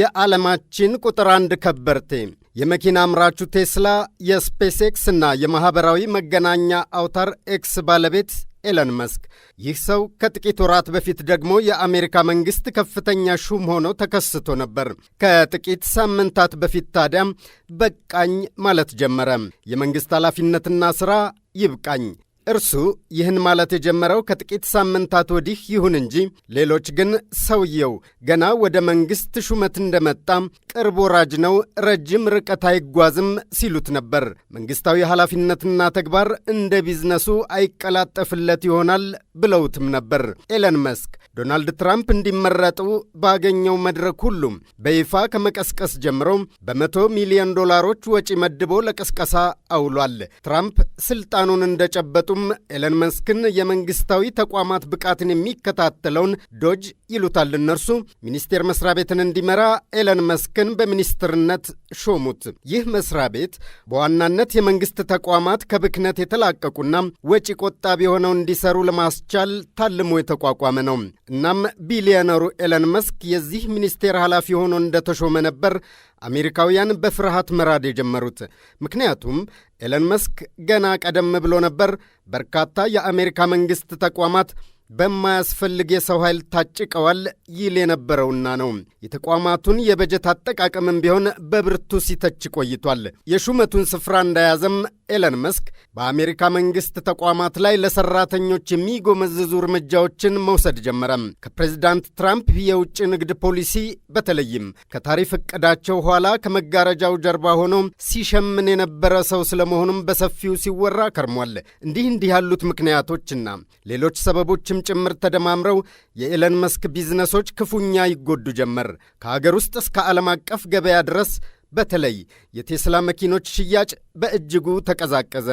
የዓለማችን ቁጥር አንድ ከበርቴ የመኪና አምራቹ ቴስላ የስፔስ ኤክስ እና የማኅበራዊ መገናኛ አውታር ኤክስ ባለቤት ኤለን መስክ። ይህ ሰው ከጥቂት ወራት በፊት ደግሞ የአሜሪካ መንግሥት ከፍተኛ ሹም ሆኖ ተከስቶ ነበር። ከጥቂት ሳምንታት በፊት ታዲያም በቃኝ ማለት ጀመረ። የመንግሥት ኃላፊነትና ሥራ ይብቃኝ እርሱ ይህን ማለት የጀመረው ከጥቂት ሳምንታት ወዲህ ይሁን እንጂ ሌሎች ግን ሰውየው ገና ወደ መንግሥት ሹመት እንደመጣ ቅርብ ወራጅ ነው፣ ረጅም ርቀት አይጓዝም ሲሉት ነበር። መንግሥታዊ ኃላፊነትና ተግባር እንደ ቢዝነሱ አይቀላጠፍለት ይሆናል ብለውትም ነበር። ኤለን መስክ ዶናልድ ትራምፕ እንዲመረጡ ባገኘው መድረክ ሁሉም በይፋ ከመቀስቀስ ጀምሮ በመቶ ሚሊዮን ዶላሮች ወጪ መድቦ ለቀስቀሳ አውሏል። ትራምፕ ስልጣኑን እንደጨበጡ ምክንያቱም ኤለን መስክን የመንግስታዊ ተቋማት ብቃትን የሚከታተለውን ዶጅ ይሉታል እነርሱ ሚኒስቴር መስሪያ ቤትን እንዲመራ ኤለን መስክን በሚኒስትርነት ሾሙት። ይህ መስሪያ ቤት በዋናነት የመንግስት ተቋማት ከብክነት የተላቀቁና ወጪ ቆጣቢ ሆነው እንዲሰሩ ለማስቻል ታልሞ የተቋቋመ ነው። እናም ቢሊዮነሩ ኤለን መስክ የዚህ ሚኒስቴር ኃላፊ ሆኖ እንደተሾመ ነበር አሜሪካውያን በፍርሃት መራድ የጀመሩት። ምክንያቱም ኤለን መስክ ገና ቀደም ብሎ ነበር በርካታ የአሜሪካ መንግሥት ተቋማት በማያስፈልግ የሰው ኃይል ታጭቀዋል ይል የነበረውና ነው። የተቋማቱን የበጀት አጠቃቀምም ቢሆን በብርቱ ሲተች ቆይቷል። የሹመቱን ስፍራ እንደያዘም ኤለን መስክ በአሜሪካ መንግስት ተቋማት ላይ ለሰራተኞች የሚጎመዝዙ እርምጃዎችን መውሰድ ጀመረም። ከፕሬዚዳንት ትራምፕ የውጭ ንግድ ፖሊሲ በተለይም ከታሪፍ እቅዳቸው ኋላ ከመጋረጃው ጀርባ ሆኖ ሲሸምን የነበረ ሰው ስለመሆኑም በሰፊው ሲወራ ከርሟል። እንዲህ እንዲህ ያሉት ምክንያቶችና ሌሎች ሰበቦችም ጭምር ተደማምረው የኤለን መስክ ቢዝነሶች ክፉኛ ይጎዱ ጀመር። ከአገር ውስጥ እስከ ዓለም አቀፍ ገበያ ድረስ በተለይ የቴስላ መኪኖች ሽያጭ በእጅጉ ተቀዛቀዘ።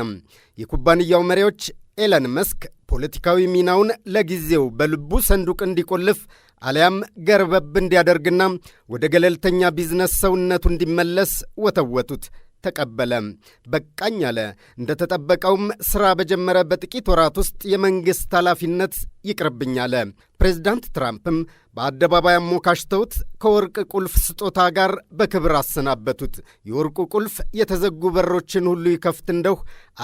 የኩባንያው መሪዎች ኤለን መስክ ፖለቲካዊ ሚናውን ለጊዜው በልቡ ሰንዱቅ እንዲቆልፍ አሊያም ገርበብ እንዲያደርግና ወደ ገለልተኛ ቢዝነስ ሰውነቱ እንዲመለስ ወተወቱት። ተቀበለ። በቃኝ አለ። እንደተጠበቀውም ሥራ በጀመረ በጥቂት ወራት ውስጥ የመንግሥት ኃላፊነት ይቅርብኝ አለ። ፕሬዚዳንት ትራምፕም በአደባባይ አሞካሽተውት ከወርቅ ቁልፍ ስጦታ ጋር በክብር አሰናበቱት። የወርቁ ቁልፍ የተዘጉ በሮችን ሁሉ ይከፍት እንደሁ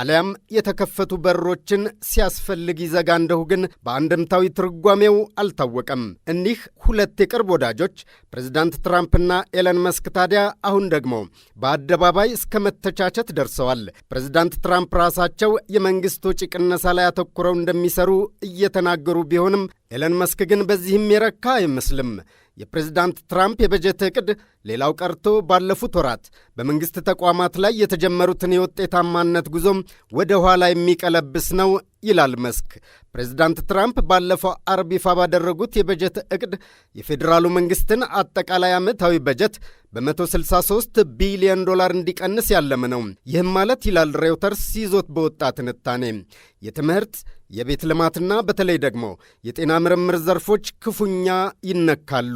አሊያም የተከፈቱ በሮችን ሲያስፈልግ ይዘጋ እንደሁ ግን በአንድምታዊ ትርጓሜው አልታወቀም። እኒህ ሁለት የቅርብ ወዳጆች ፕሬዚዳንት ትራምፕና ኤለን መስክ ታዲያ አሁን ደግሞ በአደባባይ እስከ መተቻቸት ደርሰዋል። ፕሬዚዳንት ትራምፕ ራሳቸው የመንግሥት ወጪ ቅነሳ ላይ አተኩረው እንደሚሰሩ እየተናገሩ ቢሆንም ኤለን መስክ ግን በዚህም የረካ አይመስልም። የፕሬዝዳንት ትራምፕ የበጀት ዕቅድ ሌላው ቀርቶ ባለፉት ወራት በመንግሥት ተቋማት ላይ የተጀመሩትን የውጤታማነት ጉዞም ወደ ኋላ የሚቀለብስ ነው ይላል መስክ። ፕሬዝዳንት ትራምፕ ባለፈው አርብ ይፋ ባደረጉት የበጀት ዕቅድ የፌዴራሉ መንግሥትን አጠቃላይ ዓመታዊ በጀት በ163 ቢሊዮን ዶላር እንዲቀንስ ያለመ ነው። ይህም ማለት ይላል ሬውተርስ ይዞት በወጣ ትንታኔ የትምህርት የቤት ልማትና በተለይ ደግሞ የጤና ምርምር ዘርፎች ክፉኛ ይነካሉ።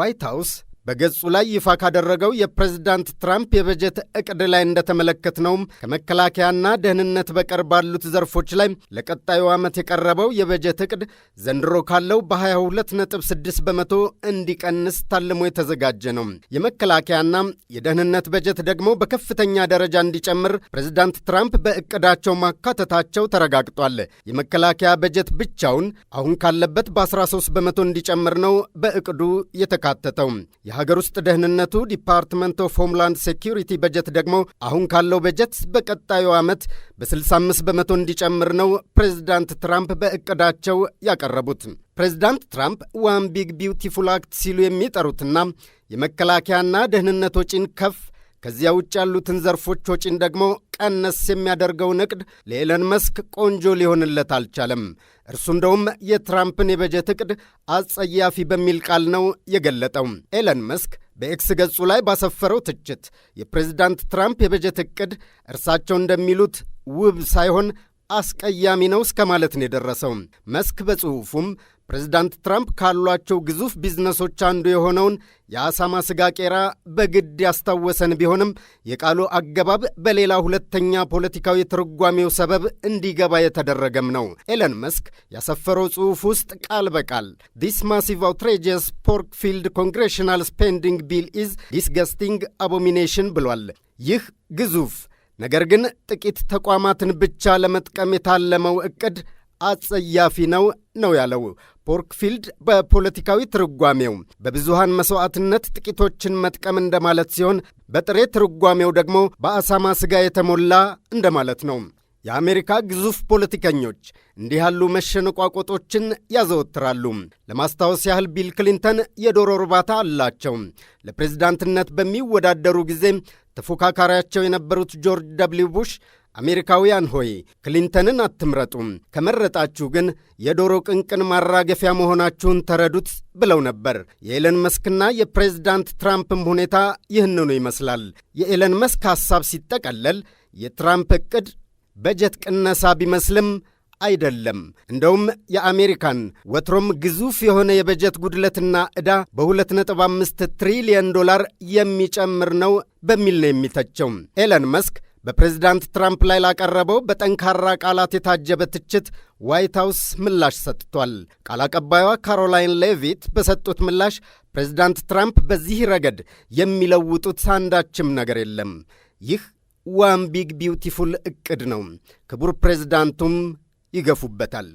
ዋይት ሀውስ በገጹ ላይ ይፋ ካደረገው የፕሬዝዳንት ትራምፕ የበጀት እቅድ ላይ እንደተመለከትነውም ከመከላከያና ደህንነት በቀር ባሉት ዘርፎች ላይ ለቀጣዩ ዓመት የቀረበው የበጀት እቅድ ዘንድሮ ካለው በ22.6 በመቶ እንዲቀንስ ታልሞ የተዘጋጀ ነው። የመከላከያና የደህንነት በጀት ደግሞ በከፍተኛ ደረጃ እንዲጨምር ፕሬዝዳንት ትራምፕ በእቅዳቸው ማካተታቸው ተረጋግጧል። የመከላከያ በጀት ብቻውን አሁን ካለበት በ13 በመቶ እንዲጨምር ነው በእቅዱ የተካተተው። የሀገር ውስጥ ደህንነቱ ዲፓርትመንት ኦፍ ሆምላንድ ሴኪሪቲ በጀት ደግሞ አሁን ካለው በጀት በቀጣዩ ዓመት በ65 በመቶ እንዲጨምር ነው ፕሬዚዳንት ትራምፕ በእቅዳቸው ያቀረቡት። ፕሬዚዳንት ትራምፕ ዋን ቢግ ቢውቲፉል አክት ሲሉ የሚጠሩትና የመከላከያና ደህንነት ወጪን ከፍ ከዚያ ውጭ ያሉትን ዘርፎች ወጪን ደግሞ ቀነስ የሚያደርገው ንቅድ ለኤለን መስክ ቆንጆ ሊሆንለት አልቻለም። እርሱ እንደውም የትራምፕን የበጀት እቅድ አጸያፊ በሚል ቃል ነው የገለጠው። ኤለን መስክ በኤክስ ገጹ ላይ ባሰፈረው ትችት የፕሬዝዳንት ትራምፕ የበጀት እቅድ እርሳቸው እንደሚሉት ውብ ሳይሆን አስቀያሚ ነው እስከ ማለት ነው የደረሰው። መስክ በጽሑፉም ፕሬዚዳንት ትራምፕ ካሏቸው ግዙፍ ቢዝነሶች አንዱ የሆነውን የአሳማ ስጋ ቄራ በግድ ያስታወሰን ቢሆንም የቃሉ አገባብ በሌላ ሁለተኛ ፖለቲካዊ ትርጓሜው ሰበብ እንዲገባ የተደረገም ነው። ኤለን መስክ ያሰፈረው ጽሑፍ ውስጥ ቃል በቃል ዲስ ማሲቭ አውትሬጀስ ፖርክ ፊልድ ኮንግሬሽናል ስፔንዲንግ ቢል ኢዝ ዲስገስቲንግ አቦሚኔሽን ብሏል። ይህ ግዙፍ ነገር ግን ጥቂት ተቋማትን ብቻ ለመጥቀም የታለመው እቅድ አጸያፊ ነው ነው ያለው ፖርክፊልድ። በፖለቲካዊ ትርጓሜው በብዙሃን መሥዋዕትነት ጥቂቶችን መጥቀም እንደማለት ሲሆን በጥሬ ትርጓሜው ደግሞ በአሳማ ሥጋ የተሞላ እንደማለት ነው። የአሜሪካ ግዙፍ ፖለቲከኞች እንዲህ ያሉ መሸነቋቆጦችን ያዘወትራሉ። ለማስታወስ ያህል ቢል ክሊንተን የዶሮ እርባታ አላቸው። ለፕሬዝዳንትነት በሚወዳደሩ ጊዜ ተፎካካሪያቸው የነበሩት ጆርጅ ደብሊው ቡሽ አሜሪካውያን ሆይ ክሊንተንን አትምረጡም፣ ከመረጣችሁ ግን የዶሮ ቅንቅን ማራገፊያ መሆናችሁን ተረዱት ብለው ነበር። የኤለን መስክና የፕሬዝዳንት ትራምፕም ሁኔታ ይህንኑ ይመስላል። የኤለን መስክ ሐሳብ ሲጠቀለል የትራምፕ ዕቅድ በጀት ቅነሳ ቢመስልም አይደለም። እንደውም የአሜሪካን ወትሮም ግዙፍ የሆነ የበጀት ጉድለትና ዕዳ በ2.5 ትሪሊየን ዶላር የሚጨምር ነው በሚል ነው የሚተቸው ኤለን መስክ በፕሬዝዳንት ትራምፕ ላይ ላቀረበው በጠንካራ ቃላት የታጀበ ትችት ዋይት ሀውስ ምላሽ ሰጥቷል። ቃል አቀባዩዋ ካሮላይን ሌቪት በሰጡት ምላሽ ፕሬዝዳንት ትራምፕ በዚህ ረገድ የሚለውጡት አንዳችም ነገር የለም፣ ይህ ዋን ቢግ ቢውቲፉል እቅድ ነው፣ ክቡር ፕሬዝዳንቱም ይገፉበታል